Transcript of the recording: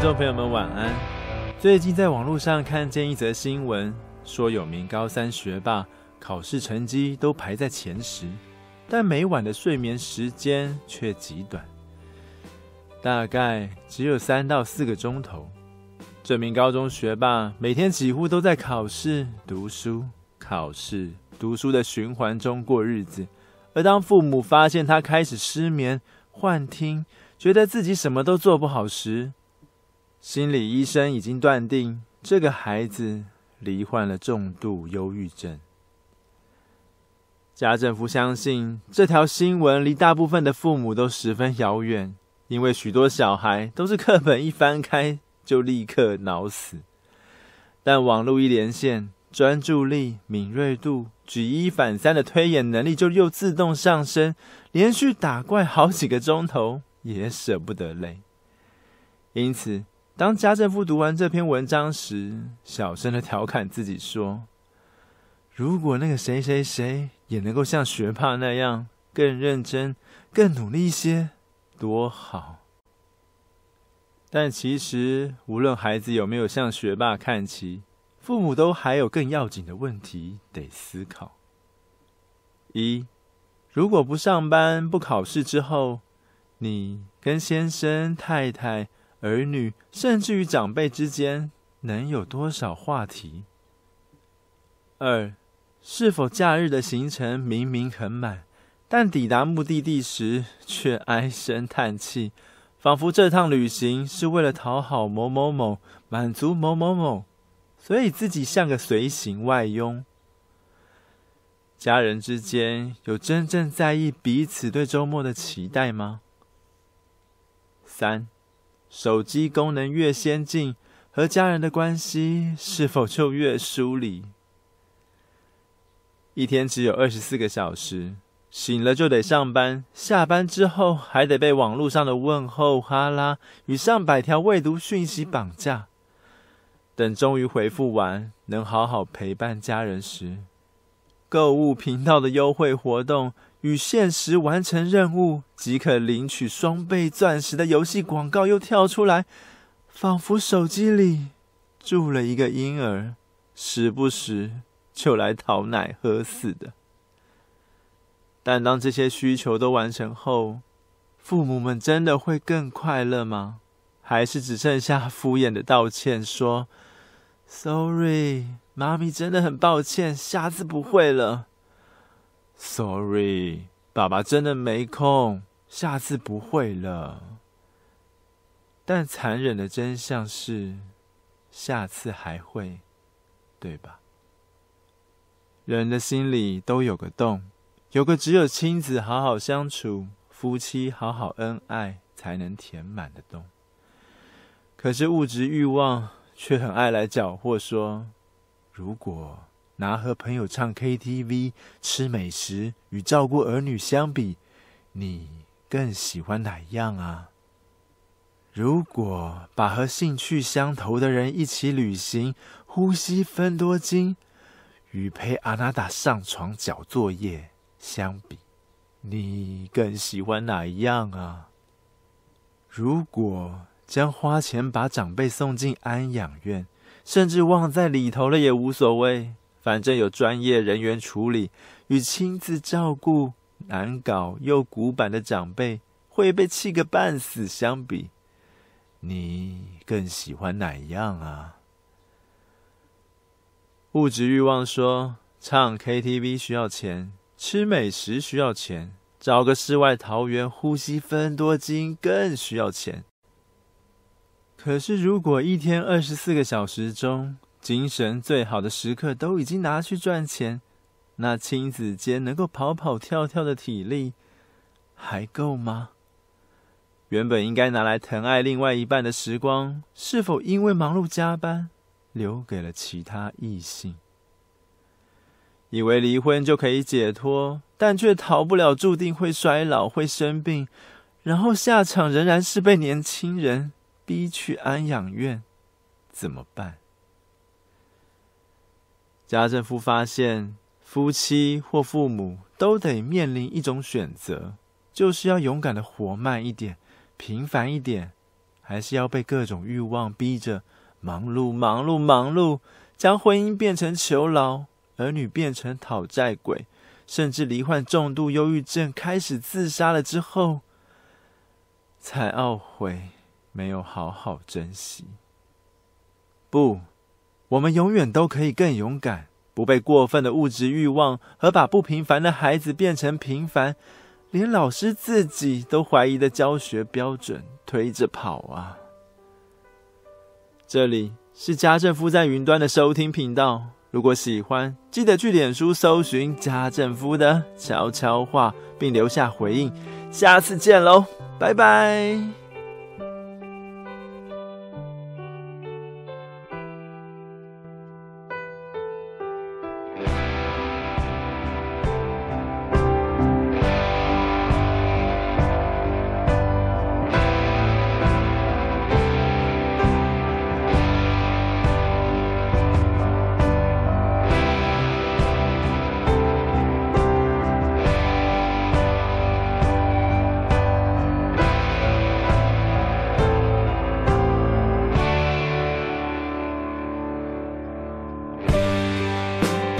聽眾朋友們晚安。最近在網絡上看見一則新聞，說有名高三學霸考試成績都排在前十，但每晚的睡眠時間卻極短，大概只有三到四個鐘頭。這名高中學霸每天幾乎都在考試、讀書、考試、讀書的循環中過日子。而當父母發現他開始失眠、幻聽，覺得自己什麼都做不好時，心理醫生已經斷定，這個孩子罹患了重度憂鬱症。家政夫相信，這條新聞離大部分的父母都十分遙遠，因為許多小孩都是課本一翻開就立刻腦死。但網絡一連線，專注力、敏銳度、舉一反三的推演能力就又自動上升，連續打怪好幾個鐘頭也舍不得累。因此。當家政婦讀完這篇文章時，小聲地調侃自己說：“如果那個誰誰誰也能夠像學霸那樣更認真、更努力一些，多好。”但其實，無論孩子有沒有向學霸看齊，父母都還有更要緊的問題得思考：一，如果不上班、不考試之後，你跟先生、太太。兒女甚至於長輩之間能有多少話題？二，是否假日的行程明明很滿，但抵達目的地時卻唉聲嘆氣，仿佛這趟旅行是為了討好某某某，滿足某某某，所以自己像個隨行外傭，家人之間有真正在意彼此對周末的期待嗎？三。手機功能越先進，和家人的關係是否就越疏離？一天只有二十四個小時，醒了就得上班，下班之後還得被網絡上的問候、哈拉與上百條未讀訊息綁架。等終於回復完，能好好陪伴家人時，購物頻道的優惠活動。與限時完成任務即可領取雙倍鑽石的遊戲廣告又跳出來，仿佛手機裡住了一個嬰兒，時不時就來討奶喝似的。但當這些需求都完成後，父母們真的會更快樂嗎？還是只剩下敷衍的道歉說：“Sorry，媽咪真的很抱歉，下次不會了。” Sorry，爸爸真的沒空，下次不會了。但殘忍的真相是，下次還會，對吧？人的心裡都有個洞，有個只有親子好好相處、夫妻好好恩愛才能填滿的洞。可是物質慾望卻很愛來攪和，說如果。拿和朋友唱 KTV、吃美食與照顧兒女相比，你更喜歡哪一樣啊？如果把和興趣相投的人一起旅行、呼吸芬多精，與陪阿娜達上床繳作業相比，你更喜歡哪一樣啊？如果將花錢把長輩送進安養院，甚至忘在裡頭了也無所謂。反正有專業人員處理，與親自照顧難搞又古板的長輩、會被氣個半死相比，你更喜歡哪一樣啊？物質欲望說，唱 KTV 需要錢，吃美食需要錢，找個世外桃源呼吸芬多精更需要錢。可是如果一天二十四個小時中，精神最好的時刻都已經拿去賺錢，那親子間能夠跑跑跳跳的體力還夠嗎？原本應該拿來疼愛另外一半的時光，是否因為忙碌加班，留給了其他異性？以為離婚就可以解脫，但卻逃不了注定會衰老、會生病，然後下場仍然是被年輕人逼去安養院，怎麼辦？家政夫發現，夫妻或父母都得面臨一種選擇，就是要勇敢的活慢一點、平凡一點，還是要被各種慾望逼着忙碌、忙碌、忙碌，將婚姻變成囚牢，兒女變成討債鬼，甚至罹患重度憂鬱症，開始自殺了之後，才懊悔沒有好好珍惜。不。我們永遠都可以更勇敢，不被過分的物質慾望和把不平凡的孩子變成平凡、連老師自己都懷疑的教學標準推着跑啊！這裡是家政夫在雲端的收聽頻道，如果喜歡，記得去臉書搜尋家政夫的悄悄話，並留下回應。下次見嘍，拜拜。